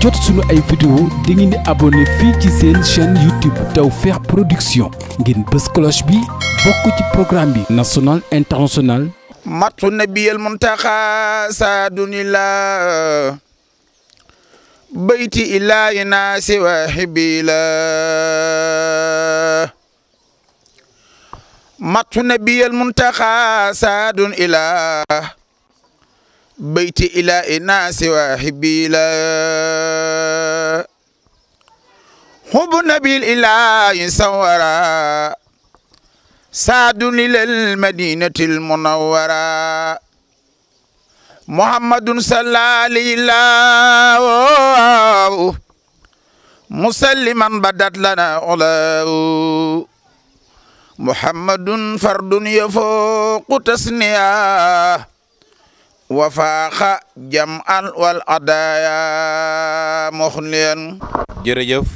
jot suñu ay vidéo da ngeen di abonné fii ci seen chaîne YouTube Tawfekh Production ngeen bës cloche bi bokk ci programme bi national international matu nabiyal muntaxa saadun ilah بيت إلى إناس وحبيلا حب نبي الإله سورا سعد إلى المدينة المنورة محمد صلى الله مسلما بدت لنا علاه محمد فرد يفوق تسنياه wafaaxa jam an wal adaya jërëjëf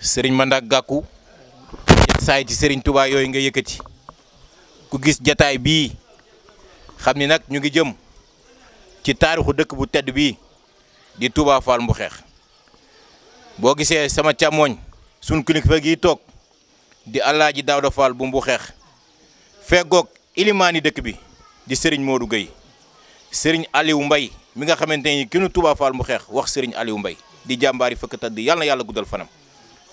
sëriñ Mandak Gakou saay yooyu nga yëkkati ku gis jataay bii xam ni nag ñu ngi jëm ci taarixu dëkk bu tedd bii di Touba Fall Mbuxeex boo gisee sama càmmooñ sun kilifa gi toog di Alaaji Daawda Fall bu Mbuxeex feggoog ilimaani dëkk bi di sëriñ Modou Gueye Serigne Aliou mbay mi nga xamante ni ki nu Touba Fall mu xeex wax Serigne Aliou mbay di jàmbaari fëkk tëdd yàlla na yàlla guddal fanam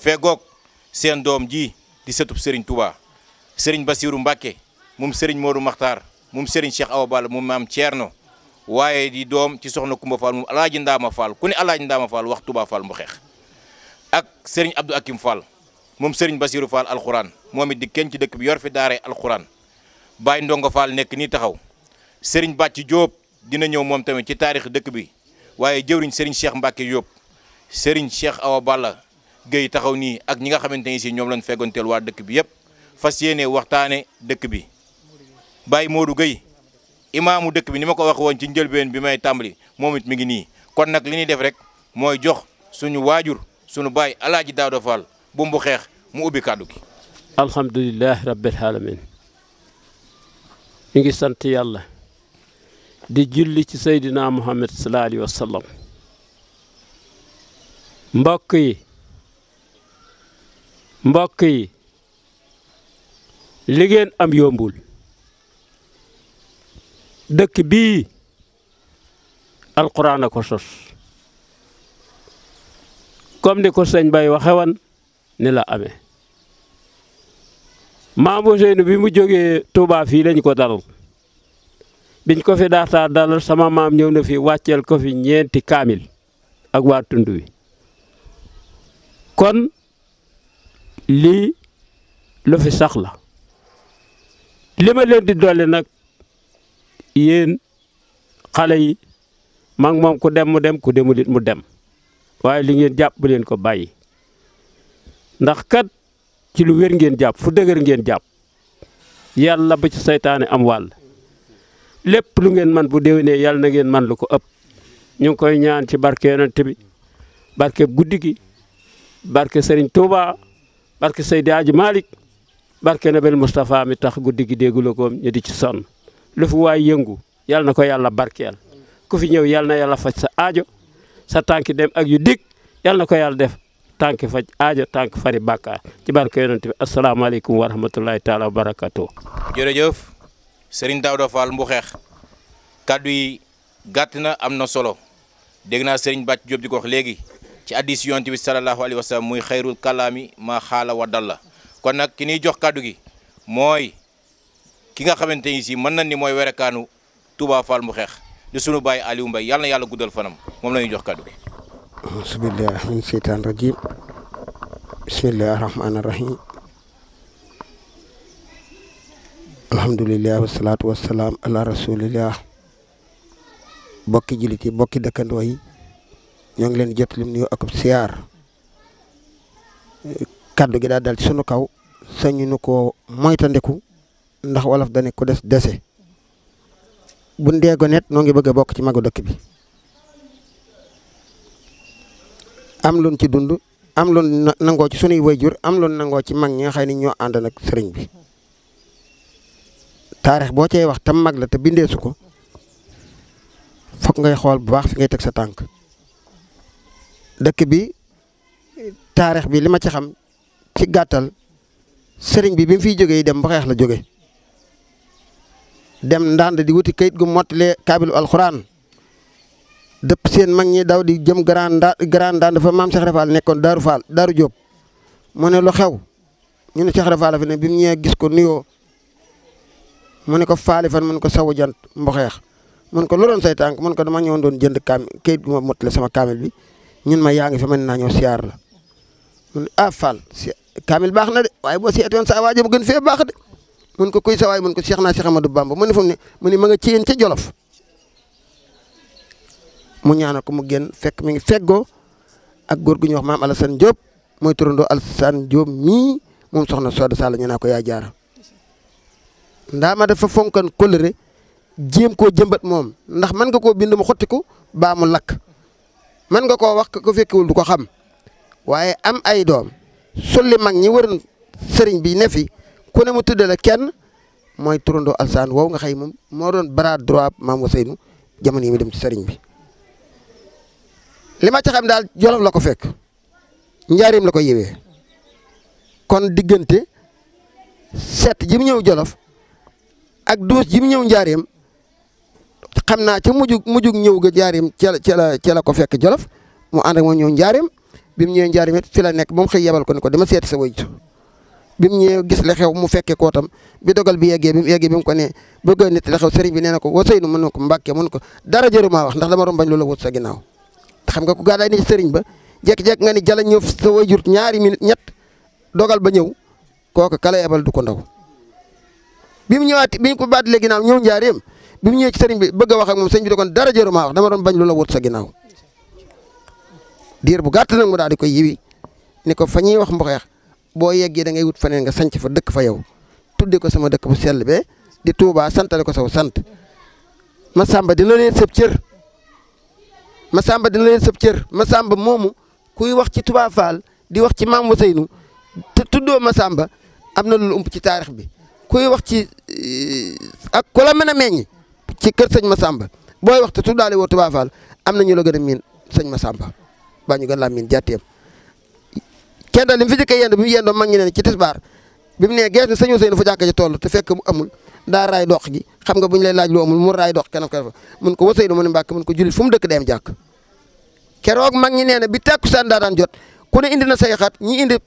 feegoog seen doom ji di sëtub sëriñ Touba Serigne Bassirou Mbacké moom sëriñ Modou Makhtar moom Serigne Cheikh aw bal moom maam Thierno waaye di doom ci soxna Kumba Fall moom alaaji Ndaama Fall ku ne alaaji Ndaama Fall wax Touba Fall mu xeex ak Serigne Abdou Akim Fall moom Serigne Bassirou Fall alxuraan moom it di kenn ci dëkk bi yor fi daaree alxuraan Baye Ndongo nekk nii taxaw dina ñëw moom tamit ci taarix dëkk bi waaye jëwriñ sëriñ Cheikh Mbacke Diop Serigne Cheikh Awa Balla Gueye taxaw nii ak ñi nga xamante ni si ñoom lañ feggonteel waa dëkk bi yëpp fas yéene waxtaane dëkk bi Baye Modou Gueye imaamu dëkk bi ni ma ko wax woon ci njëlbeen bi may tàmbali moom it mi ngi nii kon nag li ñuy def rek mooy jox suñu waajur suñu baay alaaji Daado Fall bu mu xeex mu ubbi kàddu gi alhamdulilah rabbil alamin mi ngi sant yàlla di julli ci seydina muhammad sallallahu alayhi wa sallam mbokk mbokk yi li am yombul dëkk bii alquran a ko sos comme ni sëñ Bay waxe ni la ame maam Ousseynou bi mu jógee Touba fii lañ ko daral biñ ko fi daataa dalal sama maam ñëw na fi wàcceel ko fi ñeenti kaamil ak waa tund wi kon lii lu fi sax la li ma leen di dolli nag yéen xale yi mag moom ku dem mu dem ku demul mu dem waaye li ngeen jàpp bu leen ko bàyyi ndax kat ci lu wér ngeen jàpp fu dëgër ngeen jàpp yàlla ba ci seytaane am wàll lépp lu ngeen man bu déwénee yàlla na ngeen man lu ko ëpp ñu ngi koy ñaan ci barke yonent bi barke guddi gi barke Serigne Touba barke Seydi Hadji Malick barke Nabel Moustapha mi tax guddi gi déggula koom ñu di ci sonn lu fu waay yëngu yàlla na ko yàlla barkeel ku fi ñëw yàlla na yàlla faj sa aajo sa tànki dem ak yu dig yàlla na ko yàlla def tànki faj aajo tànk fari bàkkaar ci barke yonent bi asalaamaaleykum wa rahmatullahi taala wa barakatuh jërëjëf Serigne Daouda Fall Mbuxeex kàddu yi gàtt na am na solo dégg naa Serigne Bàcc jot di ko léegi ci addis yonent bi sallallahu alayhi muy xayrul kalaami ma xaala wa dalla kon nag ki ñuy jox kàddu gi mooy ki nga xamante ni si mën na ni mooy werekaanu Touba Fall Mbuxeex di sunu bàyyi Aliou Mbaye yàlla na yàlla guddal fanam moom la ñuy jox kàddu gi. alhamdulilah wasalaatu wasalaam ala rasulillah bokki jullit yi bokki dëkkandoo yi ñoo ngi leen jot lim nuyoo ak siyaar kaddu gi daal ci sunu kaw sañu ko moytandiku ndax wolof dane ko des dese bu ndeego net noo ngi bëgg a bokk ci mag dëkk bi am loon ci dund am luñ nangoo ci sunuy wayjur am loon nangoo ci mag ñi nga xam ne ñoo ànd nag sëriñ bi taarix boo cay wax tam mag la te bindeesu ko foog ngay xool bu baax fi ngay teg sa tànk dëkk bi taarix bi lima ci xam ci gàttal sëriñ bi bi mu fiy jógee dem ba xeex la jóge dem ndànd di wuti kayit gu mottalee kaabilu alxuraan dëpp seen mag ñi daw di jëm grand nda grand ndànd fa maam Cheikh Rafaal nekkoon Daaru Faal Daaru Jóob mu ne lu xew ñu ne Cheikh Rafaal fi ne bi mu ñëwee gis ko nuyoo. mu ne ko faali fan mu ne ko sawu jant mboxeex mun ko loroon say tànk mun ko dama ñëwoon doon jënd kaam kayit bi ma mottale sama kaamil bi ñun ma yaa ngi fi mën naa ñëw siyaar la mun ah Fall si kaamil baax na de waaye boo seetoon saa waajam gën fee baax de mun ko kuy sa waay mun ko Cheikh na Cheikh Amadou Bamba mu ne fu mu ne mu ne ma nga ciyeen ca Jolof mu ñaanal ko mu génn fekk mi ngi feggoo ak góor gu ñuy wax maam Alassane Diop mooy turandoo Alassane Diop mii moom soxna Soda Sall ñu naa ko yaa jaara ndaa ma dafa fonkan kóllëre jéem koo jëmbat moom ndax mën nga koo bind mu xottiku ko baa mu lakk mën nga koo wax ko fekkewul du ko xam waaye am ay doom sulli mag ñi wëran sëriñ bi ne fi ku ne mu tuddale kenn mooy turandoo alsaan wow nga xëy moom moo doon bras droit maam Ousseynou jamono yi mu dem ci sëriñ bi li ci xam daal jolof la ko fekk njaarim la ko yëwee kon diggante set ji mu ñëw jolof ak duus ji mu ñëw njaareem xam naa ca mujj mujjug ñëw ga njaareem ca la ca la ko fekk jolof mu ànd ak ñëw njaareem bi mu ñëwee njaareem it fi la nekk moom xëy yebal ko ni ko dama seeti sa waytu bi mu ñëwee gis la xew mu fekkee koo tam bi dogal bi yeggee bi mu yeggee bi mu ko nee bëgg nit la xew sëriñ bi nee na ko wasay nu mën na ko mbàkkee mën ko dara jëru wax ndax dama doon bañ loola wut sa ginnaaw xam nga ko gaa daay ni sëriñ ba jekk-jekk nga ni jala ñëw sa wayjur ñaari mi ñett dogal ba ñëw kooku kala yebal du ko ndaw bi mu ñëwaat bi ñu ko baatalee ginnaaw ñëw njaareem bi mu ñëwee ci sëriñ bi bëgg a wax ak moom sëriñ bi da kon dara jëru maa wax dama doon bañ lu la wut sa ginnaaw diir bu gàtt nag mu daal di koy yiwi ni ko fa ñuy wax mboxeex boo yeggee da ngay wut faneen nga sanc fa dëkk fa yow tuddee ko sama dëkk bu sell be di Touba santale ko saw sant Massamba dina leen sëb cër Massamba dina leen sëb cër Massamba moomu kuy wax ci Touba Fall di wax ci Maam Ousseynou te tuddoo Massamba am na lu ump ci taarix bi kuy wax ci ak ku la mën a meññ ci kër sëñ Massamba booy waxtu su daale woo Touba Fall am na ñu la gën a miin sëñ Massamba baa ñu gën laa miin jàtteem kenn daal li mu fi njëkk a yend bi mu yendoo mag ñi ne ci tisbaar bi mu nee gees ni sëñ Ousseynou fa jàkka ci toll te fekk amul daa raay dox gi xam nga bu ñu lay laaj lu amul mu raay dox kenn ko mun ko Ousseynou mu ne Mbàkke mun ko jullit fu mu dëkk dem jàkk keroog mag ñi nee na bi takkusaan daa daan jot ku ne indi na say xat ñi indi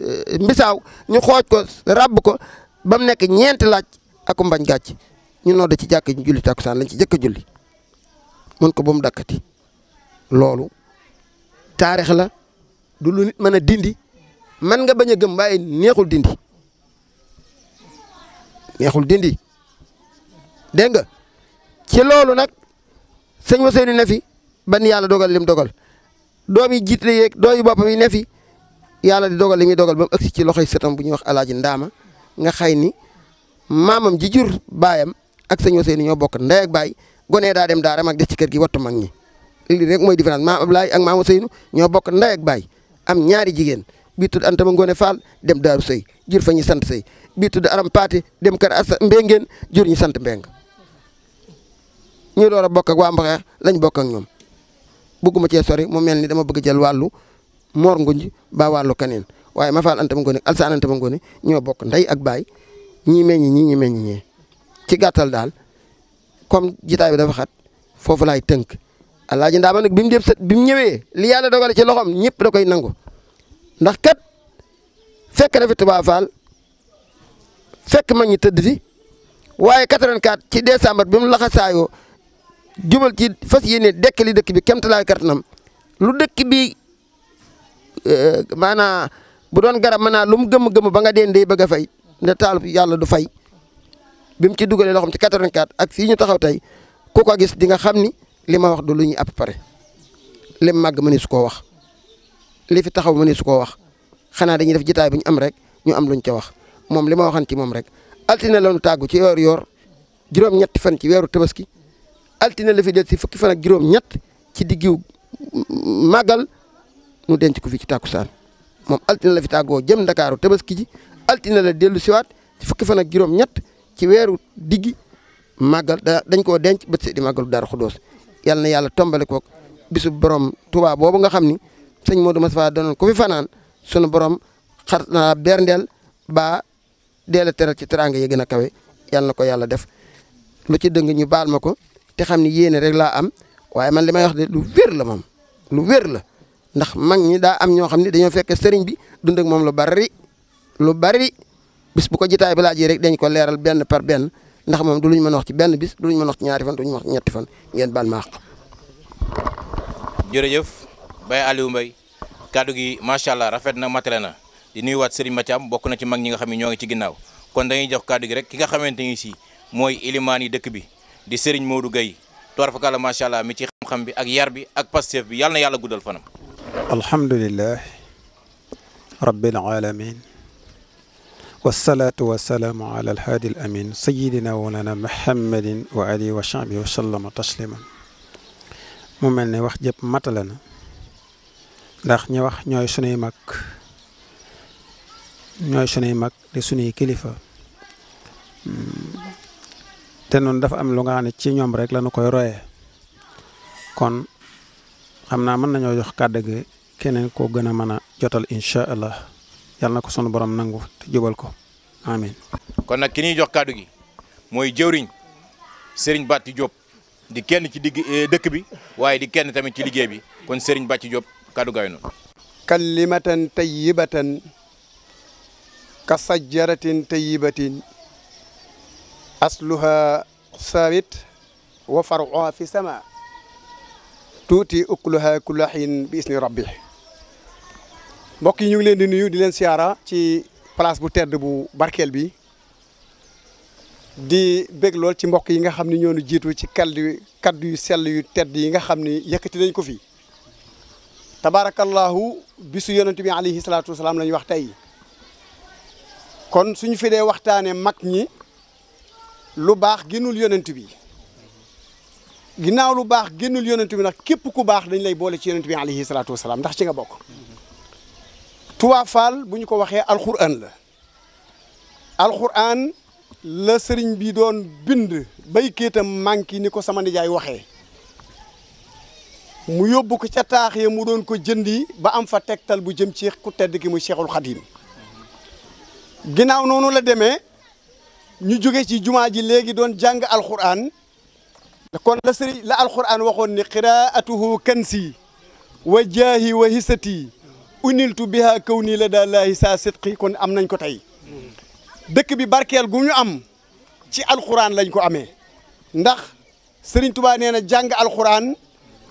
eh, mbisaaw ñu xooj ko rabb ko ba mu nekk ñeenti laaj akum mbañ gàcc ñu nodd ci jàkk ñu julli tàkkusaan lañ ci jëkk a julli mun ko ba mu dakkati loolu taarix la du nit mën a dindi man nga bañ a gëm waaye neexul dindi neexul dindi dégg nga ci loolu nag sëñ Ousseynou ne fi ban yàlla dogal lim dogal doom yi jiitle yeeg doom yi boppam yi ne fi yàlla di dogal li muy dogal ba mu ëgsi ci loxoy sëtam bu ñuy wax alaaji ndaama nga xay ni maamam ji jur baayam ak sëñ Ousseynou ñoo bokk ndey baay gone daa dem daara mag des ci kër gi wattu mag ñi lii rek mooy différence maam Ablaye ak maam Ousseynou ñoo bokk ndey baay am ñaari jigéen bii tudd Anta ma Ngoone Fall dem Daaru Sëy jur fa ñu sant Sëy bii tudd Aram Paate dem kër Asa Mbengeen jur ñu sant Mbeng ñu door a bokk ak lañ bokk ak ñoom bëgguma cee sori mu mel ni dama bëgg jël wàllu Mor Ngunj ba wàllu keneen waaye ma faal anta ma ngoone alsaan anta ma ngoone ñoo bokk day ak baay ñii meññi ñii ñi meññi ñee ci gàttal daal comme jitaay bi dafa xat foofu laay tënk alaaji ndaama nag bi mu dem bi mu ñëwee li yàlla dogale ci loxoom ñëpp da koy nangu ndax kat fekk na fi Touba Fall fekk ma ñi tëdd fi waaye 84 ci décembre bi mu laxasaayoo jubal ci fas yéene dekk li dëkk bi kemtalaay kartanam lu dëkk bi euh, maanaam bu doon garab mën naa lu mu gëmm-gëmm ba nga deen day bëgg fay ne taalub yàlla du fay bi mu ci dugalee loxoom ci 84 ak fii ñu taxaw tey ku ko gis di nga xam ni li ma wax du lu ñuy àpp pare lim màgg mënees koo wax li fi taxaw ma mënees ko wax xanaa dañuy def jitaay bu ñu am rek ñu am luñ ca wax moom li ma waxan ci moom rek altine la ñu tàggu ci yoor yoor juróom-ñetti fan ci weeru tabaski altine la fi de si fukki fan ak juróom-ñett ci diggu màggal nu denc ko fii ci tàkkusaan moom altine la fi tàggoo jëm ndakaaru tabaski ji altine la dellu siwaat ci fukki fan ak juróom-ñett ci weeru diggi màggal dañ koo denc bët si di màggalu Daaru Xudoos yàlla na yàlla tombale ko bisu borom Tuubaa boobu nga xam ni sëñ Modou Moustapha danoon ko fi fanaan sunu borom xar naa berndeel ba deela teral ci teraanga yi gën a kawe yalla na ko yàlla def lu ci dëng ñu baal ma ko te xam ni yéene rek laa am waaye man li may wax de lu wér la moom lu wér la. ndax mag ñi daa am ñoo xam ne dañoo fekk sëriñ bi dund ak moom lu bari lu bari bis bu ko jitaay bi laajee rek dañ ko leeral benn par benn ndax moom du luñ ñu mën a wax ci benn bis du lu ñu mën a ci ñaari fan du ñu wax ci ñetti fan ngeen baal ma àq. jërëjëf Baye Aliou Mbaye kaddu gi macha allah rafet na matale na di nuyuwaat Serigne Mathiam bokk na ci mag ñi nga xam ne ñoo ngi ci ginnaaw kon dañuy jox kaddu gi rek ki nga xamante ni si mooy ilimaan yi dëkk bi di Serigne moo du toor fa kàlla macha mi ci xam bi ak yar bi ak pastef bi yàlla yàlla guddal fanam. alhamdulilah rabbil alamin wasalaatu wasalaamu ala alhaadi amin sayidina walana muhammadin wa alihi wa sahbi wa mu mel ni wax jëpp matale ndax ñi wax ñooy sunuy mag ñooy sunuy mag di sunuy kilifa hmm. te noonu daf am lu nga ne ci ñoom rek lañu koy royee am naa mën nañoo jox kàddu gi keneen koo gën a mën a jotal incha allah yàlla na ko sunu borom nangu te jubal ko amin kon nag ki ñuy jox kàddu gi mooy jëwriñ Serigne Bàtti Diop di kenn ci digg eh, dëkk bi waaye di kenn tamit ci liggéey bi kon Serigne Bàtti Diop kàddu gaay noonu kalimatan tayyibatan ka sajjaratin tayyibatin asluha sabit wa faruha fi sama tuuti ukluha kulla hiin bi isni rabbi mbokk yi ñu ngi leen di nuyu di leen siyaara ci place bu tedd bu barkeel bi di bég lool ci mbokk yi nga xam ne ñoo nu jiitu ci kaddu kaddu yu sell yu tedd yi nga xam ni yëkkati nañ ko fi tabaarakallahu bisu yonent bi alayhi salaatu wasalaam la ñu wax tey kon suñu fi dee waxtaanee mag ñi lu baax gënul yonent bi ginnaaw lu baax génnul yonent bi ndax képp ku baax dañ lay boole ci yonent bi alayhi salaatu wasalaam ndax ci nga bokk Touba bu ñu ko waxee alxuraan la alxuraan la sëriñ bi doon bind baykéetam manki ni ko sama nijaay waxee mu yóbbu ko ca taax ya mu doon ko jëndi ba am fa tegtal bu jëm ci ku tedd ki muy Cheikhul Khadim ginnaaw noonu la demee ñu jóge ci jumaa ji léegi doon jàng alxuraan kon la sëriñ la alquran waxoon ni qiraatuhu kansi wa jaahi wa hisati uniltu biha kaw nii la daa laahi saa sidqi kon am nañ ko tey dëkk bi barkeel gu ñu am ci alquran lañ ko amee ndax sëriñ tubaa nee na jàng alquran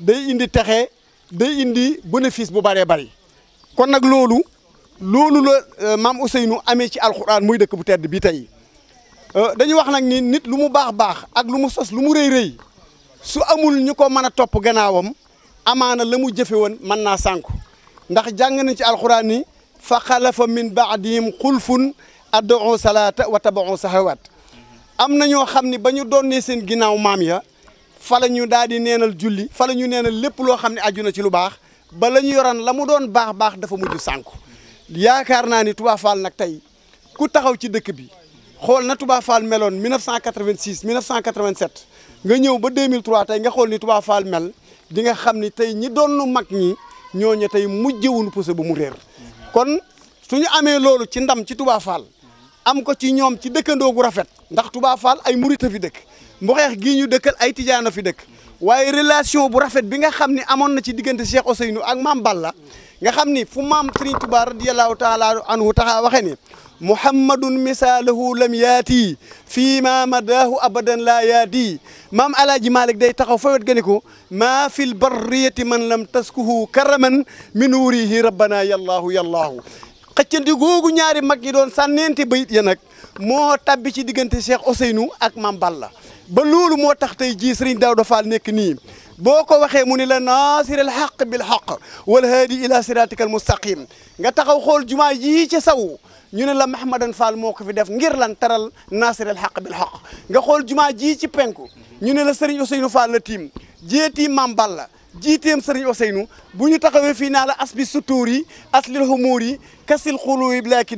day indi texe day indi bénéfice bu bëree bari kon nag loolu loolu la euh, maam Ousseynou amee ci alxuraan muy dëkk bu tedd bi tey euh, dañuy wax nag ni nit lu mu baax baax ak lu mu sos lu mu rëy rëy su amul ñu ko mën a topp gannaawam amaana la mu jëfe woon mën naa sànku ndax jàng nañ ci alxuraan ni fa xalafa min baadihim xulfun addoo salaata wa tabao sahawaat am na ñoo xam ni ba ñu doonnee seen ginnaaw maam ya fa la ñu daal di neenal julli fa la ñu neenal lépp loo xam ne aju na ci lu baax ba la ñu yoran la mu doon baax baax dafa mujj sànku yaakaar naa ni Touba Fall nag tey ku taxaw ci dëkk bi xool na Touba Fall meloon 1986 1987 nga ñëw ba 2003 tey nga xool ni Touba mel di nga xam ni tey ñi doon mag ñi ñooñu tey mujjewuñu pousse bu mu réer kon su ñu amee loolu ci ndam ci Touba am ko ci ñoom ci dëkkandoo gu rafet ndax Touba Fall ay murit fi dëkk mboxeex gii ñu dëkkal ay tijaan a fi dëkk waaye relation bu rafet bi nga xam ne amoon na ci diggante Cheikh Ousseynou ak maam Balla nga xam ni fu maam Serigne Touba radiyallahu taala wu taxa waxee ni muhammadun misaalahu lam yaati fii ma madaahu abadan laa yaati maam alaaji malik day taxaw fa wet ko maa fil barriyati man lam taskuhu karaman min wurihi rabbana yallaahu yallaahu xëccanti googu ñaari mag yi doon sànneenti bayit ya nag moo tabbi ci diggante Cheikh Ousseynou ak Maam Balla ba loolu moo tax tey jii Serigne Daouda Fall nekk nii boo ko waxee mu ni la naasir al xaq bil xaq wal haadi ila siratika al mustaqim nga taxaw xool jumaa yii ci saw ñu ne la Mahmadan Fall moo ko fi def ngir lan taral naasiril xaq bil xaq nga xool jumaa jii ci penko ñu ne la Serigne Ousseynou Fall la tiim jee tiim Maam Balla jiiteem Serigne Ousseynou bu ñu taxawee fii naa la as bi sutuur yi aslil xumuur yi kasil xulu yi bilaa ki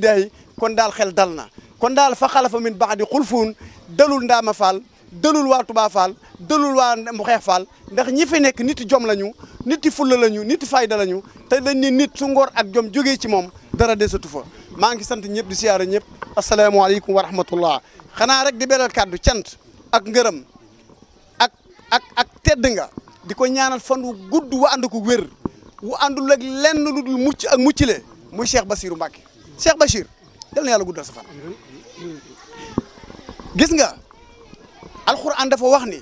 kon daal xel dal na kon daal fa xalafa min ba'di xulfuun dalul Ndaama Fall dëlul waa Touba Fall dëlul waa xeex Fall ndax ñi fi nekk nit jom lañu nit fulla lañu nit fayda lañu te dañ nit su ngor ak jom jóge ci moom dara desatu fa maa ngi sant ñëpp di siyaara ñëpp asalaamaaleykum wa rahmatullah xanaa rek di beral kàddu cant ak ngërëm ak ak ak tedd nga di ko ñaanal fan gudd wu ànd ko wér wu àndul ak lenn lu dul mucc ak muccile muy Cheikh Bassirou Mbacké Cheikh Bachir yal na yàlla guddal sa fan gis nga alxuraan dafa wax ni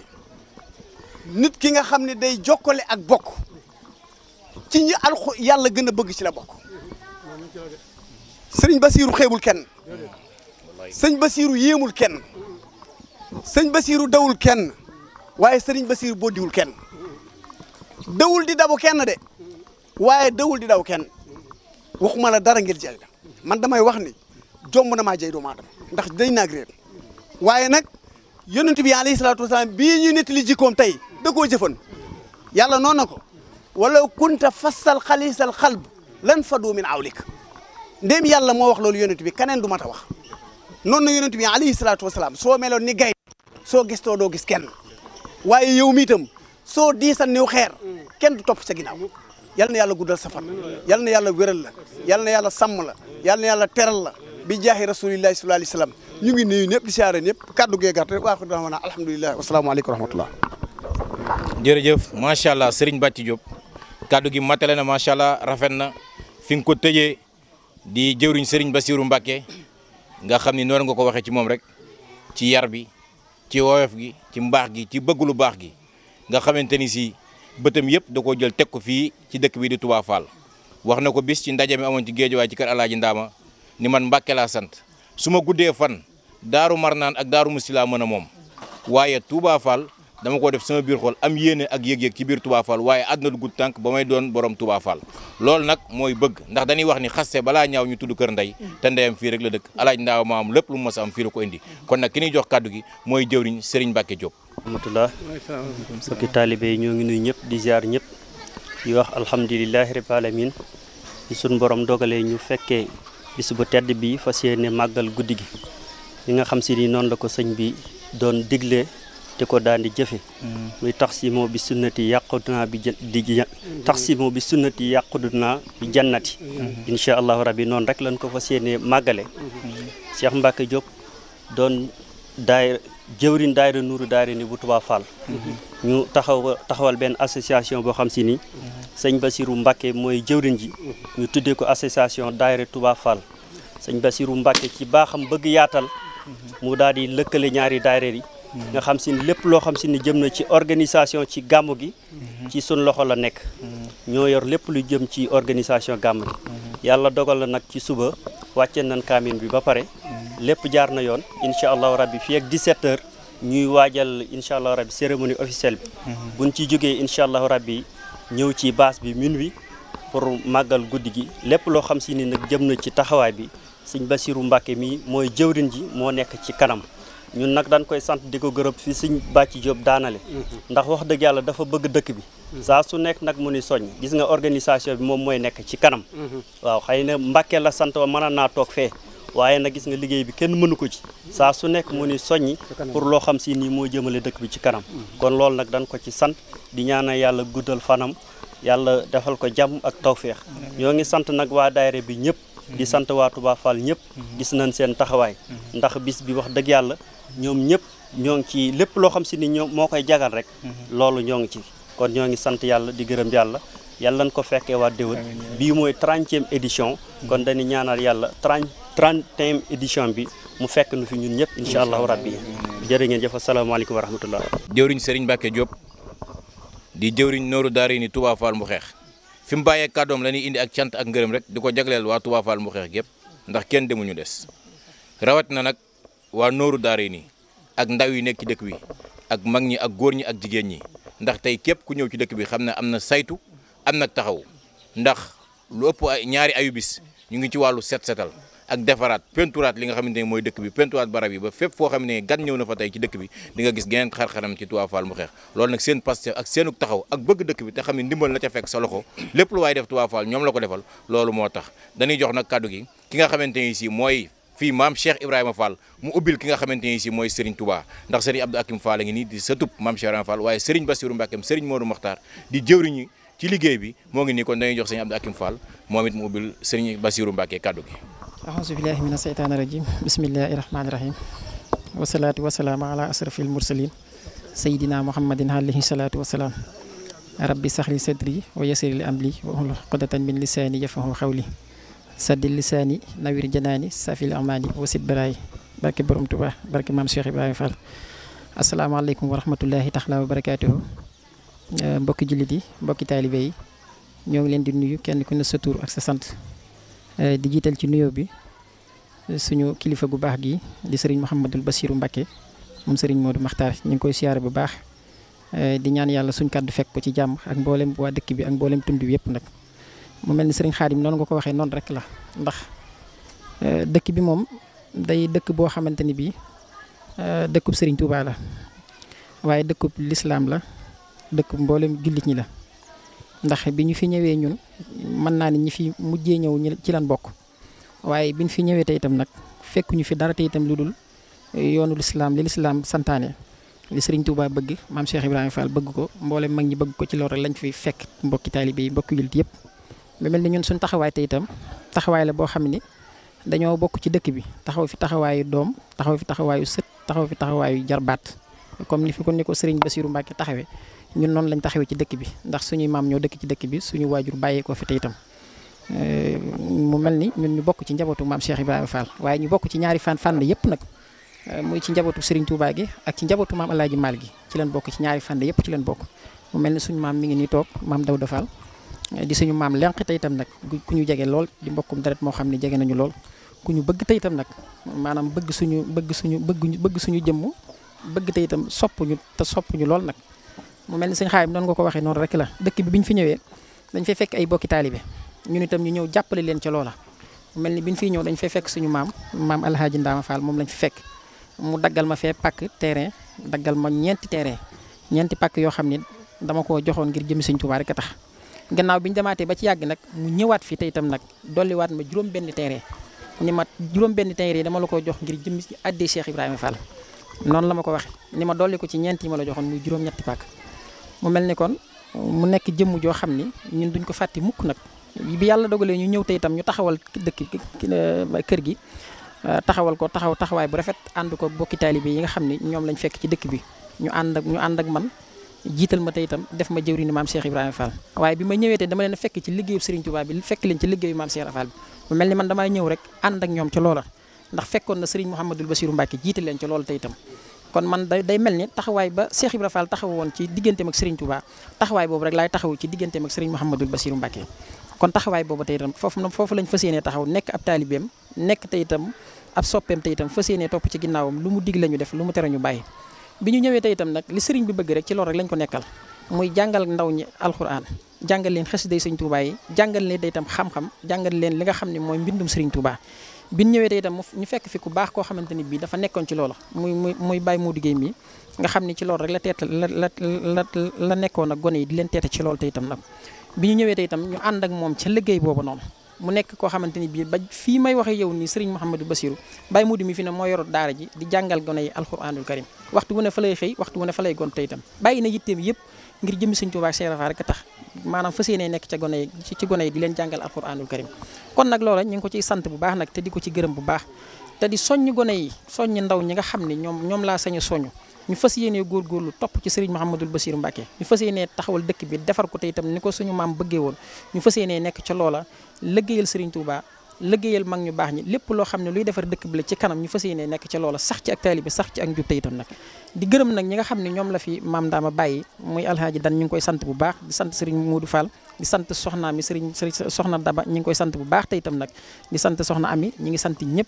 nit ki nga xam ne day jokkale ak bokk ci ñi alxu yàlla gën a bëgg ci la bokk sëriñ Basiiru xeebul kenn sëñ Basiiru yéemul kenn sëñ Basiiru dawul kenn waaye sëriñ Basiiru diwul kenn dawul di dabu kenn de waaye dawul di daw kenn waxuma la dara ngir jël man damay wax ni jomb na maa jëy doomu aadama ndax day naag waaye nag yonent bi alayhi salaatu wasalaam bii ñu nettali jikkoom tey da koo jëfan yàlla noonu na ko wala kunta fassal xalisal xalb lan fadu min awlik ndéem yàlla moo wax loolu yonent bi keneen du mat a wax noonu na yonent bi soo meloon ni gay soo gistoo doo gis kenn waaye yow mi itam soo diisan niw xeer kenn du topp sa ginnaaw yal na yàlla guddal sa fan na yàlla wéral la yal na yàlla sàmm la yal na yàlla teral la bi jaaxi rasulillahi sallallahu alayhi wasallam ñu ngi nuyu ñëpp di siyaare ñëpp kaddu gee gàtt rek waa ko dama macha allah Serigne Bathie Diop kaddu gi matale na macha allah rafet na fi nga ko tëjee di jëwriñ Serigne Bassirou mbake nga xam ni noonu nga ko waxee ci moom rek ci yar bi ci woyof gi ci mbaax gi ci bëgg lu baax gi nga xamante ni si bëtam yëpp da koo jël teg ko fii ci dëkk bi di Touba Fall wax na ko bis ci ndaje mi amoon ci géej waaye ci kër Alaaji Ndaama ni man Mbàkke laa sant su ma guddee fan daaru marnaan ak daaru musti laa mën a moom waaye Touba dama ko def sama biir xool am yéene ak yëg-yëg ci biir Touba Fall waaye àdduna du gudd tànk ba may doon borom Touba lool nag mooy bëgg ndax dañuy wax ni xaste balaa ñaaw ñu tudd kër ndey te ndeyam fii rek la dëkk alaaj ndaaw am lépp lu mu mos am fii la ko indi kon nag ki ñuy jox kàddu gi mooy jëwriñ Serigne Mbacke Diop rahmatullah sokki taalibe yi ñoo ngi nuyu ñëpp di ziar ñëpp di wax alhamdulilahi rabbil alamin suñ borom dogalee ñu fekkee bis bu tedd bi fas yéene màggal guddi gi li nga xam si ni noonu la ko sëñ bi doon digle te ko daan di jëfe mm. muy taxsimo bi sunnati yàquduna bi di taxsimo bi sunnati yàquduna bi jannati mm-hmm. incha allahu rabbi noonu rek lañ ko fas yéene màggale mm-hmm. Cheikh ko Diop doon daay jëwriñ daayira nuuru daayira ni bu Touba Fall ñu taxaw taxawal benn association boo xam si ni sëñ Basirou Mbacke mooy jëwriñ ji ñu tuddee ko association daayira Touba Fall sëñ Basirou Mbacke ci baaxam bëgg yaatal mu daal di lëkkale ñaari daayira yi nga xam si ni lépp loo xam si ni jëm na ci organisation ci gàmmu gi ci sun loxo la nekk ñoo yor lépp lu jëm ci organisation gàmmu gi yàlla dogal la nag ci suba wàcce nañ kaamin bi ba pare lépp jaar na yoon incha allahu rabbi fi ak 17h ñuy waajal incha allahu rabbi cérémonie officielle bi. buñ ci jógee incha allahu rabbi ñëw ci baas bi minuit pour màggal guddi gi lépp loo xam si ni nag jëm na ci taxawaay bi sëñ Basiru Mbàkke mi mooy jëwrin ji moo nekk ci kanam. ñun nag dañ koy sant di ko gërëm fii sëñ Bàcci Jóob daanale ndax wax dëgg yàlla dafa bëgg dëkk bi saa su nekk nag mu ni soññ gis nga organisation bi moom mooy nekk ci kanam mhm. waaw xëy na Mbàkke la sant wa mën naa toog fee waaye nag gis nga liggéey bi kenn mënu ko ci saa su nekk mu ni soññi pour loo xam si nii moo jëmale dëkk bi ci kanam kon loolu nag dañ ko ci sant di ñaanal yàlla guddal fanam yàlla defal ko jàmm ak tawféex ñoo ngi sant nag waa daayira bi ñëpp di mhm. sant waa Touba Fall ñëpp mhm. gis nañ seen taxawaay mhm. ndax bis bi wax dëgg yàlla ñoom ñëpp ñoo ngi ci lépp loo xam si ni ñoom moo koy jagal rek loolu ñoo ngi ci kon ñoo ngi sant yàlla di gërëm yàlla yàlla nañ ko fekkee waat déwén bii mooy trentième édition kon dañu ñaanal yàlla trente trentième édition bi mu fekk nu fi ñun ñëpp incha allahu rabbi jërë ngeen jëf asalaamaaleykum wa rahmatullah jëwriñ Serigne Mbacke Diop di jëwriñ nooru daari ni Touba Fall fi mu bàyyee kàddoom la indi ak cant ak ngërëm rek di ko jagleel waa Touba Fall Mbuxeex gépp ndax kenn demuñu des rawat na nag waa nooru daari ni ak ndaw yi nekk dëkk bi ak mag ñi ak góor ñi ak jigéen ñi ndax tey képp ku ñëw ci dëkk bi xam ne am na saytu am nag taxaw ndax lu ëpp ñaari ayubis ñu ngi ci wàllu set setal ak defaraat penturaat li nga xamante mooy dëkk bi penturaat barab yi ba fépp foo xam ne gan ñëw na fa tey ci dëkk bi di nga gis geneen xar-xaram ci Touba Fall mu xeex loolu nag seen Pastef ak seenu taxaw ak bëgg dëkk bi te xam ne ndimbal la ca fekk sa loxo lépp lu waay def Touba Fall ñoom la ko defal loolu moo tax dañuy jox nag kàddu gi ki nga xamante ne si mooy fii maam Cheikh Ibrahima Fall mu ubbil ki nga xamante ne si mooy Serigne Touba ndax Serigne Abdou Akim a ngi nii di sa tub maam ci liggéey bi moo ngi nii kon dañuy jox sëñ Abdou Akim Fall moom it mu ubbil sëriñ Bassirou Mbacke kàddu gi ahousu billahi mina seytaani rahmaani rahim wasalaatu wasalaam ala asrafil sadri wa yasir li amli waxul qudatan min lisaani yafahu xawli saddi lisaani nawir janaani safil amaani wasit baraay barke borom Tuubaa barke maam Cheikh Ibrahima Fall asalaamaaleykum wa rahmatullahi taxala wa Euh, mbokki jullit yi mbokki taalibe yi ñoo ngi leen di nuyu kenn ku ne sa tur ak sa sant euh, di jiital ci nuyoo bi euh, suñu kilifa gu baax gi di sëriñ Mouhamadul Bassirou Mbacké mun sëriñ Modou Makhtar ñu ngi koy siyaare bu baax di ñaan yàlla suñ kàddu fekk ko ci jàmb ak mboolem waa dëkk bi ak mboolem tund bi yëpp nag. mu mel ni sëriñ Xaadim noonu nga ko waxee noonu rek la ndax dëkk bi moom day dëkk boo xamante ni bii dëkkub sëriñ Touba la waaye dëkkub lislaam la. dëkk mboolem jullit ñi la ndax bi ñu fi ñëwee ñun mën naa ne ñi fi mujjee ñëw ñu ci lan bokk waaye bi ñu fi ñëwee te itam nag fekk ñu fi dara te itam lu dul eh, yoonu lislaam li lislaam santaane li Serigne Touba bëgg maam Cheikh Ibrahima Fall bëgg ko mboolem mag ñi bëgg ko ci loolu rek lañ fi fekk mbokki taalibe yi mbokki jullit yëpp. mu mel ni ñun suñ taxawaay te itam taxawaay la boo xam ni dañoo bokk ci dëkk bi taxaw fi taxawaayu doom taxaw fi taxawaay taxaw fi taxawaayu jarbaat. comme ni fi ko ni ko Serigne Bassirou Mbacke taxawee ñun noonu lañ taxawe ci dëkk bi ndax suñuy maam ñoo dëkk ci dëkk bi suñu waajur bàyyee fi te itam euh, mu mel ni ñun ñu bokk ci njabootu maam Cheikh Ibrahima Fall waaye ñu bokk ci ñaari fan fànn yëpp nag euh, muy ci njabootu Serigne Touba gi ak ci njabootu maam Alaaji Maal gi ci leen bokk ci ñaari fànn yëpp ci leen bokk mu mel ni suñ maam mi ngi nii toog maam Dawda Fall euh, di suñu maam lenq te itam nag ku ñu jege lool di mbokkum deret moo xam ne jege nañu lool ku ñu bëgg te itam nag maanaam bëgg suñu bëgg suñu bëgg bëgg suñu jëmm bëgg te itam sopp ñu te sopp ñu lool nag mu mel ni sëñ Xaadim noonu nga ko waxee noonu rek la dëkk bi bi ñu fi ñëwee dañ fay fekk ay bokki taalibe ñun itam ñu ñëw jàppale leen ca loola mu mel ni bi fiy ñëw dañ fay fekk suñu maam maam Alhaaji Ndaama Fall moom lañ fi fekk mu daggal ma fee pàkk terrain daggal ma ñeenti terrain ñeenti pàkk yoo xam ni dama ko joxoon ngir jëm sëñ Tuubaa rek a tax gannaaw bi ñu demaatee ba ci yàgg nag mu ñëwaat fi te itam nag dolliwaat ma juróom benn terrain ni ma juróom benn yi dama la ko jox ngir jëm addi Cheikh Ibrahima Fall noonu la ma ko waxee ni ma dolli ko ci ñeent yi ma la joxoon muy juróom-ñetti pàkk mu mel ni kon mu nekk jëmm joo xam ni ñun duñ ko fàtte mukk nag bi yàlla dogalee ñu ñëw te itam ñu taxawal dëkk bi kër gi euh, taxawal ko taxaw taxawaay bu rafet ànd ko bokki taalibe yi nga xam ne ñoom lañ fekk ci dëkk bi ñu ànd ak ñu ànd ak man jiital ma tey itam def ma jëwriñu maam Cheikh Ibrahima Fall waaye bi ma ñëwee te dama leen fekk ci liggéeyu Serigne Touba bi fekk leen ci liggéeyu maam Cheikh mu mel ni man damay ñëw rek ànd ak ñoom ci loola ndax fekkoon na Serigne Mouhamadul Bassirou Mbacke jiite leen ci loolu te itam kon man day day mel ni taxawaay ba Cheikh Ibra Fall taxaw woon ci digganteem ak Serigne Touba taxawaay boobu rek laay taxaw ci digganteem ak Serigne Mouhamadul Bassirou Mbacke kon taxawaay boobu tey itam foofu foofu lañ fas yéenee taxaw nekk ab taalibeem nekk tey itam ab soppeem tey itam fas yéenee topp ci ginnaawam lu mu digg la ñu def lu mu tere ñu bàyyi bi ñu ñëwee tey itam nag li Serigne bi bëgg rek ci loolu lañ ko nekkal muy jàngal ndaw ñi alxuraan jàngal leen xasiday Serigne Touba yi jàngal leen itam xam-xam leen li nga xam ne mooy mbindum Serigne Touba bi ñu ñëwee itam ñu fekk fi ku baax koo xamante ni bii dafa nekkoon ci loola muy muy muy Baye Modou Guèye mii nga xam ni ci loolu rek la teet la la la la nekkoon ak gone yi di leen teete ci loolu te itam nag bi ñu ñëwee te itam ñu ànd ak moom ca liggéey boobu noonu mu nekk koo xamante ni bii ba fii may waxee yow nii Serigne Mouhamadou Bassirou Baye Modou mi fi ne moo yoro daara ji di jàngal gone yi alxuraanul karim waxtu wu ne fa lay xëy waxtu wu ne fa lay gont te itam bàyyi na yitteem yëpp ngir jëmi Serigne Touba Cheikh Rafa rek tax maanaam fas yéene nekk ca gone yi ci gone yi di leen jàngal alxuraanul karim kon nag loola ñu ngi ko ciy sant bu baax nag te di ko ci gërëm bu baax te di soññ gone yi soññ ndaw ñi nga xam ne ñoom ñoom laa sañ a soññ ñu fas yéene góorgóorlu topp ci sëriñ Mouhamadul Basiir Mbacke ñu fas yéene taxawal dëkk bi defar ko te itam ni ko suñu maam bëggee woon ñu fas yéene nekk ca loola lëggéeyal sëriñ Touba liggéeyal mag ñu baax ñi lépp loo xam ne luy defar dëkk bi la ci kanam ñu fas yéene nekk ci loola sax ci ak taalibe sax ci ak njub te itam nag di gërëm nag ñi nga xam ne ñoom la fi maam daama bàyyi muy alhaaji dan ñu ngi koy sant bu baax di sant sëriñ Modou Fall di sant soxna mi sëriñ soxna Daba ñu ngi koy sant bu baax te itam nag di sant soxna ami ñi ngi sant ñëpp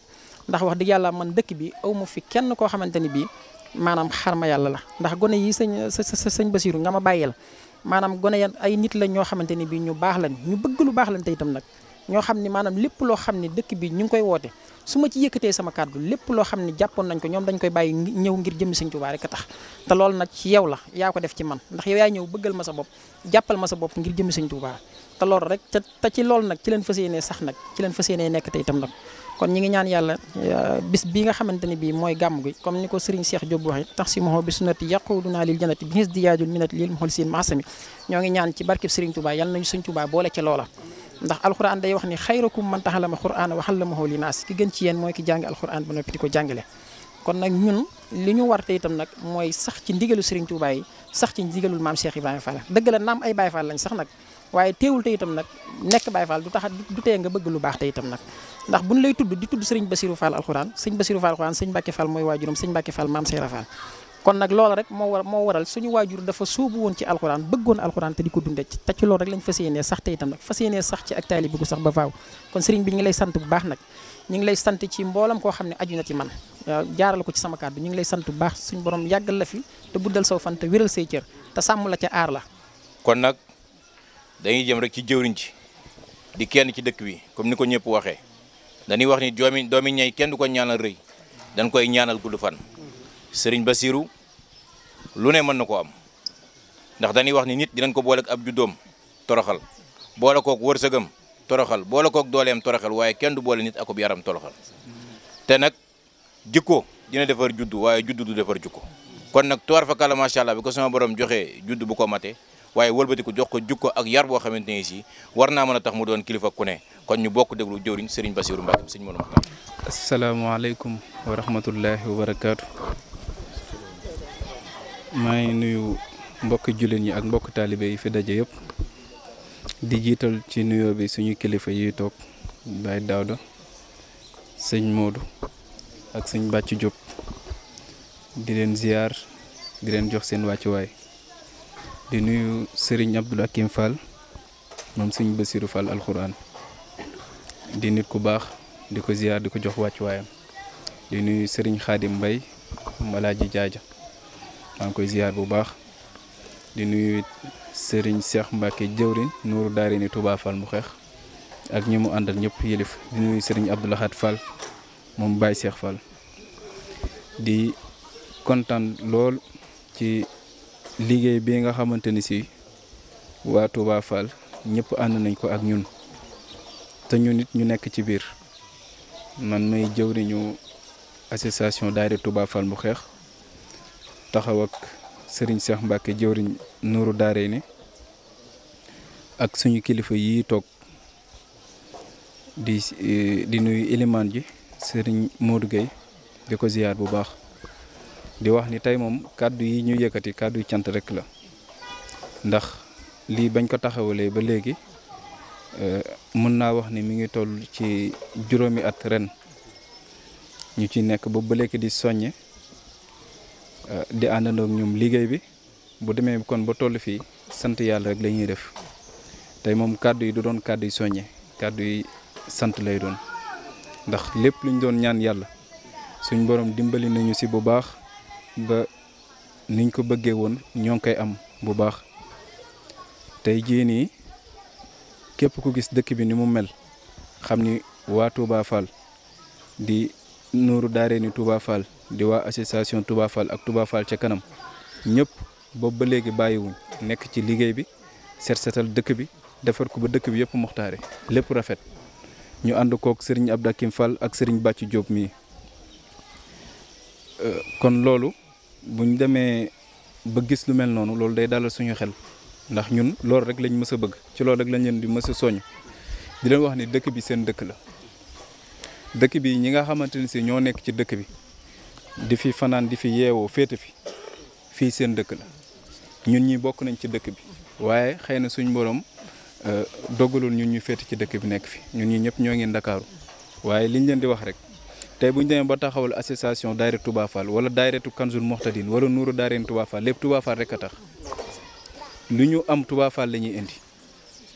ndax wax dëgg yàlla man dëkk bi aw fi kenn koo xamante ni bii maanaam xarma yàlla la ndax gone yi sëñ sëñ Basiru nga ma bàyyi la maanaam gone yan ay nit lañ ñoo xamante ni bii ñu baax lañ ñu bëgg lu baax lañ te itam nag ñoo xam ni maanaam lépp loo xam ne dëkk bi ñu ngi koy woote su ma ci yëkkatee sama kàddu lépp loo xam ne jàppoon nañ ko ñoom dañ koy bàyyi ñëw ngir jëmmi Sëñ Tuubaa rek tax te loolu nag ci yaa ko def ci man ndax yow yaa ñëw bëggal ma sa bopp jàppal ma sa bopp ngir jëmmi Sëñ Tuubaa te loolu rek te loolu nag ci leen fas yéenee sax nag ci leen fas ne nekk te itam nag kon ñi ngi ñaan yàlla euh, bis bi nga xamante ne bii mooy gàmm gi comme ni ko Serigne Cheikh Diop waxee tax si moxo bi sunnati yaquduna lil jannati bi his diyaajul minat lil muxlisin maasami ñoo ngi ñaan ci barkeb Serigne Touba yàlla nañu Sëñ Tuubaa boole ci loola ndax alxuraan day wax ni xayrakum man taxalama xuraan waxal la ma xool naas ki gën ci yéen mooy ki jàng alxuraan ba noppi ko jàngale. kon nag ñun li ñu war te itam nag mooy sax ci ndigalu Serigne Touba yi sax ci ndigalul maam Cheikh Ibrahima Fall dëgg la naam ay Baye Fall lañ sax nag waaye teewul te itam nag nekk Baye Fall du tax du tee nga bëgg lu baax te tam nag. ndax buñ lay tudd di tudd Serigne Bassirou Fall alxuraan Serigne Bassirou Fall alxuraan Serigne Mbacke Fall mooy waajuram Serigne Mbacke Fall maam Cheikh Fall kon nag loolu rek moo war moo waral suñu waajur dafa suubu woon ci alxuraan bëggoon alxuraan te di ko dundee te ci loolu rek lañ fas yéenee sax te itam nag fas yéenee sax ci ak taalibe gu sax ba kon sëriñ bi ñu lay sant bu baax nag ñu ngi lay sant ci mboolam koo xam ne aju na ci man jaaral ko ci sama kàddu ñu ngi lay sant bu baax suñu borom yàggal la fi te guddal saw fan te wéral say cër te sàmm la ca aar la. kon nag dañuy jëm rek ci jëwriñ ci di kenn ci dëkk bi comme ni ko ñëpp waxee dañuy wax ni doomi doomi ñey kenn du ko ñaanal rëy dañ koy ñaanal gudd fan sëriñ Basiru lu ne mën na koo am ndax dañuy wax ni nit dinañ ko boole ab juddoom toroxal boole kook wërsëgam toroxal boole kook dooleem toroxal waaye kenn du boole nit akub yaram toroxal te nag jikko dina defar judd waaye juddu du defar jikko kon nag tuwaar fa kala macha allah bi ko sama boroom joxe judd bu ko mate waaye wëlbati ko jox ko jukko ak yar boo xamante ne si war naa mën a tax mu doon kilifa ku ne kon ñu bokk déglu jëwriñ sëriñ Basiru Mbàkke sëriñ Moodu Maxtaar asalaamaaleykum wa rahmatullahi wa barakaatu maa ngi nuyu mbokki jullit ñi ak mbokk taalibe yi fi daje yëpp di jiital ci nuyoo bi suñu kilifa yuy toog Baye Daouda sëñ Modou ak sëñ Bàcc Diop di leen ziar di leen jox seen wàccuwaay di nuyu Serigne Abdoul Hakim Fall moom sëñ Bassirou Fall alxuraan di nit ku baax di ko ziar di ko jox wàccuwaayam di nuyu sëriñ Serigne mbay Mbaye Malaaji Jaaja maa ngi koy ziar bu baax di nuyu Serigne Cheikh Mbacke jëwrin Nuuru Daarini Touba Fall mu xeex ak ñi mu àndal ñëpp yëlif di nuyu Serigne Abdou Lahad Fall moom Baye di kontaan lool ci liggéey bi nga xamante ni si waa tubaafal Fall ñëpp ànd nañ ko ak ñun te ñun it ñu nekk ci biir man may jëwriñu association daayira Touba Fall xeex taxaw ak sëriñ Cheikh Mbacke jëwriñ Nuuru Daarayni ak suñu kilifa yi toog di eh, di nuyu ilimaan ji sëriñ Modou di ko ziyaar bu baax di wax ni tey moom kàddu yi ñu yëkkati kàddu yi cant rek la ndax lii bañ ko taxawalee ba léegi eh, mën naa wax ni mi ngi toll ci juróomi at ren ñu ci nekk ba ba léegi di soññe Euh, di àndandoo ak ñoom liggéey bi bu demee kon ba toll fii sant yàlla rek la def tey moom kàddu yi du doon kàddu yi soññe kàddu yi sant lay doon ndax lépp luñ doon ñaan yàlla suñ boroom dimbali nañu si bu baax ba niñ ko bëggee woon ñoo ngi koy am bu baax tey jii nii képp ku gis dëkk bi ni mu mel xam ni waa Touba di nuuru daaree ni Touba di waa association Touba ak Touba Fall ca kanam ñëpp boobu ba léegi bàyyiwuñ nekk ci liggéey bi seet seetal dëkk bi defar ko ba dëkk bi yëpp moxtaare lépp rafet ñu ànd kook sëriñ Abdakim fal ak sëriñ Bàcc Diop mii euh, kon loolu buñ demee ba gis lu mel noonu loolu day dalal suñu xel ndax ñun loolu rek lañ mës a bëgg ci loolu rek lañ leen di mës a soññ di leen wax ni dëkk bi seen dëkk la dëkk bi ñi nga xamante ne si ñoo nekk ci dëkk bi di fi fanaan di fi yeewoo féete fi fii seen dëkk la ñun ñi bokk nañ ci dëkk bi waaye xëy na suñ borom euh, dogalul ñun ñu féete ci dëkk bi nekk fi ñun ñi ñëpp ñoo ngi ndakaaru waaye liñ leen di wax rek tey bu ñu demee ba taxawal association daayira Touba Fall wala daayiratu Kanzul Moxtadin wala nuuru daayira Touba lépp Touba Fall rek a tax lu ñu am Touba Fall la ñuy indi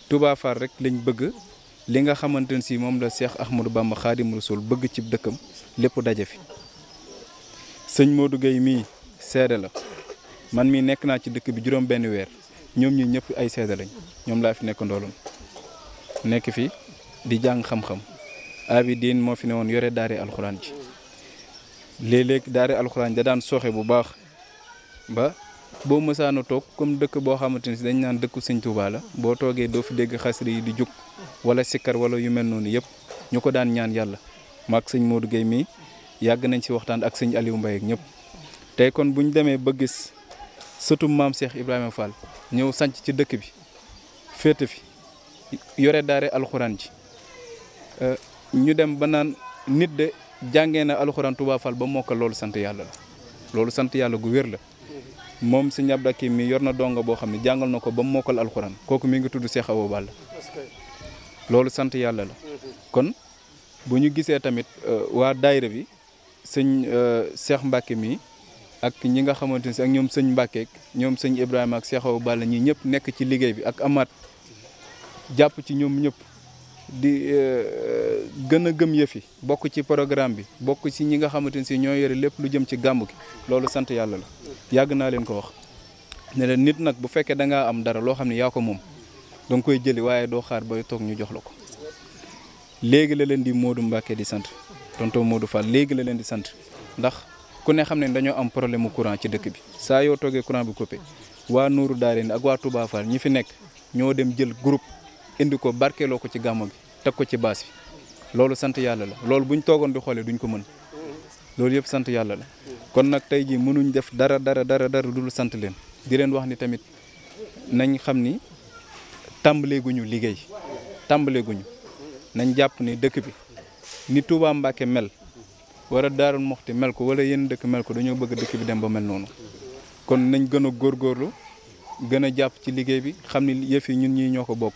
Touba Fall rek lañ bëgg li nga xamante ne si moom la Cheikh Ahmadou Bamba Xaadim Rasul bëgg ci dëkkam lépp daje fi sëñ Modou Gueye mii seede la man mii nekk naa ci dëkk bi juróom benn weer ñoom ñi ñëpp ay seede lañ ñoom laa fi nekk ndooloon nekk fi di jàng xam-xam abidin moo fi ne woon yore daare alxuraan ji léeg-léeg daare alxuraan da daan soxe bu baax ba boo mësaana toog comme dëkk boo xamante ni si dañ naan dëkku sëñ Touba la boo toogee doo fi dégg xasri yi di jug wala sikkar wala yu mel noonu yëpp ñu ko daan ñaan yàlla ak sëñ Modou Gueye mii yàgg nañ ci waxtaan ak sëñ Aliou mbay ak ñëpp tey kon bu ñu demee ba gis sëtu maam Cheikh Ibrahima Fall ñëw sanc ci dëkk bi féete fi yore daare alxuraan ji euh, ñu dem ba naan nit de jàngee na alxuraan Touba Fall ba mokkal loolu sant yàlla la loolu sant yàlla gu la moom sëñ Abdou Hakim yor na donga boo xam ne jàngal na ko ba mokkal alxuraan kooku mi ngi tudd Cheikh Awa Balla loolu sant yàlla la mm-hmm. kon bu ñu gisee tamit euh, waa daayira bi sëñ euh, Cheikh Mbacke mi ak ñi nga xamante ne si ak ñoom sëñ mbakkeek ñoom sëñ Ibrahima ak seexawu Awa ñii ñi ñëpp nekk ci liggéey bi ak amaat jàpp ci ñoom ñëpp di euh, gën a gëm yëfi bokk ci programme bi bokk ci ñi nga xamante ne si ñoo yore lépp lu jëm ci gàmb gi loolu sant yàlla la yàgg naa leen ko wax ne nit nag bu fekkee da ngaa am dara loo xam ne yaa ko moom danga koy jëli waaye doo xaar bay toog ñu jox la ko léegi la leen di moodu Mbacke di sant tonton Modou Fall léegi la leen di sant ndax ku ne xam ne dañoo am problème mu courant ci dëkk bi saa yoo toogee courant bi coupé waa Nourou Daareen ak waa Touba Fall ñi fi nekk ñoo dem jël groupe indi ko barkeeloo ko ci gàmmo gi teg ko ci baas bi loolu sant yàlla la loolu buñ toogoon di xoolee duñ ko mën loolu yëpp sant yàlla la kon nag tey jii mënuñ def dara dara dara dara dul sant leen di leen wax ni tamit nañ xam ni tàmbaleeguñu liggéey tàmbaleeguñu nañ jàpp ni dëkk bi ni Touba Mbacke mel wara Daarul Moxti mel ko wala yenn dëkk mel ko dañoo bëgg dëkk bi dem ba mel noonu kon nañ gën a góorlu gën a jàpp ci liggéey bi xam ni yëf yi ñun ñii ñoo ko bokk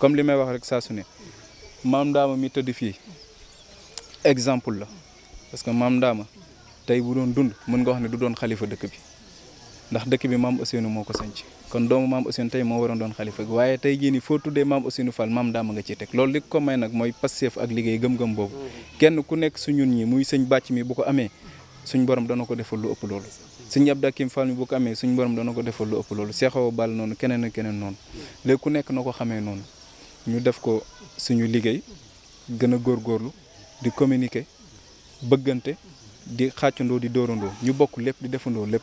comme li may wax rek saa su ne maam Ndaama mi tëdd fii exemple la parce que maam Ndaama tey bu doon dund mën nga wax ne du doon xalifa dëkk bi ndax dëkk bi maam Ousseynou moo ko sanc kon doomu maam Ousseynou tey moo waroon doon xalifa gi waaye tey jii nii foo tuddee maam Ousseynou Fall maam daama nga ciy teg loolu li ko may nag mooy passeef ak ku nekk su ñun ñi muy sëñ bàcc mi bu ko amee suñ borom dana ko defal lu ëpp loolu suñ Abdou Hakim Fall mi bu ko amee dana ko defal lu ëpp loolu seexoo bal noonu keneen ak keneen ku nekk na ko xamee noonu ñu def ko suñu liggéey gën a góorgóorlu di communiquer bëggante di xàccandoo di doorandoo ñu bokk lépp di defandoo lépp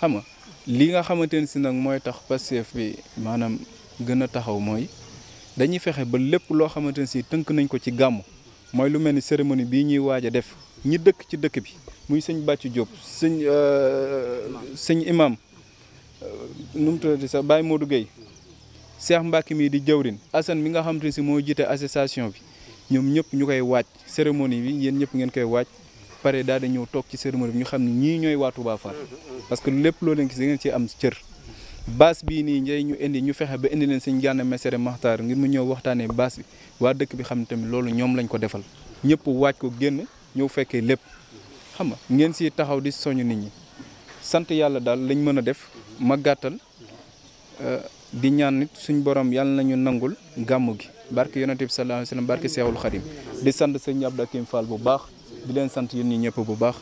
xam nga li nga xamante ne si nag mooy tax Pastef bi maanaam gën a taxaw mooy dañuy fexe ba lépp loo xamante ne si tënk nañ ko ci gàmm mooy lu mel ni cérémonie bii ñuy waaj a def ñi dëkk ci dëkk bi muy sëñ Bàccu Diop sëñ euh, sëñ imam euh, nu mu tuddati sax Baye Modou Gueye Cheikh Mbacke mii di jawrin Assane mi nga xamante ne si moo jiite association bi ñoom ñëpp ñu koy waaj cérémonie bi yéen ñëpp ngeen koy waaj pare daal di ñëw toog ci cérémonie bi ñu xam ne ñii ñooy waa Touba Fall parce que lépp loo leen gis da ngeen am cër baas bii nii njëy ñu indi ñu fexe ba indi leen sëñ Gana Messere Maxtaar ngir mu ñëw waxtaanee baas bi waa dëkk bi xam ne tamit loolu ñoom lañ ko defal ñëpp waaj ko génn ñëw fekkee lépp xam nga ngeen si taxaw di soñu nit ñi sant yàlla daal lañ mën a def ma gàttal eh, di ñaan nit suñ borom yàlla nañu nangul gàmm gi barke yonent bi sallallahu alayhi wasallam Seexul Xadim di sant sëñ Abdou Akim Fall di leen sant yéen ñi ñëpp bu baax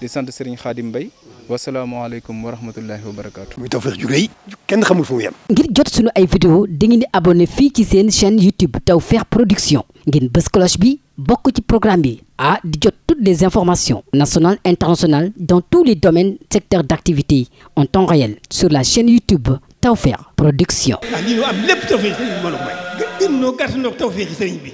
di sant Serigne Khadim Mbaye wasalaamaaleykum wa rahmatullahi wa muy Tawfekh jugee yi kenn xamul fu mu yem. ngir jot sunu ay vidéo dangeen di abonné fii ci seen chaîne YouTube Tawfekh Production ngeen bës bi bokk ci programme bi ah di jot toutes les informations nationales internationales dans tous les domaines secteurs d'activité en temps réel sur la chaîne YouTube Tawfekh Production. ah lii loo am lépp tawfeex ci sëriñ bi mbooloo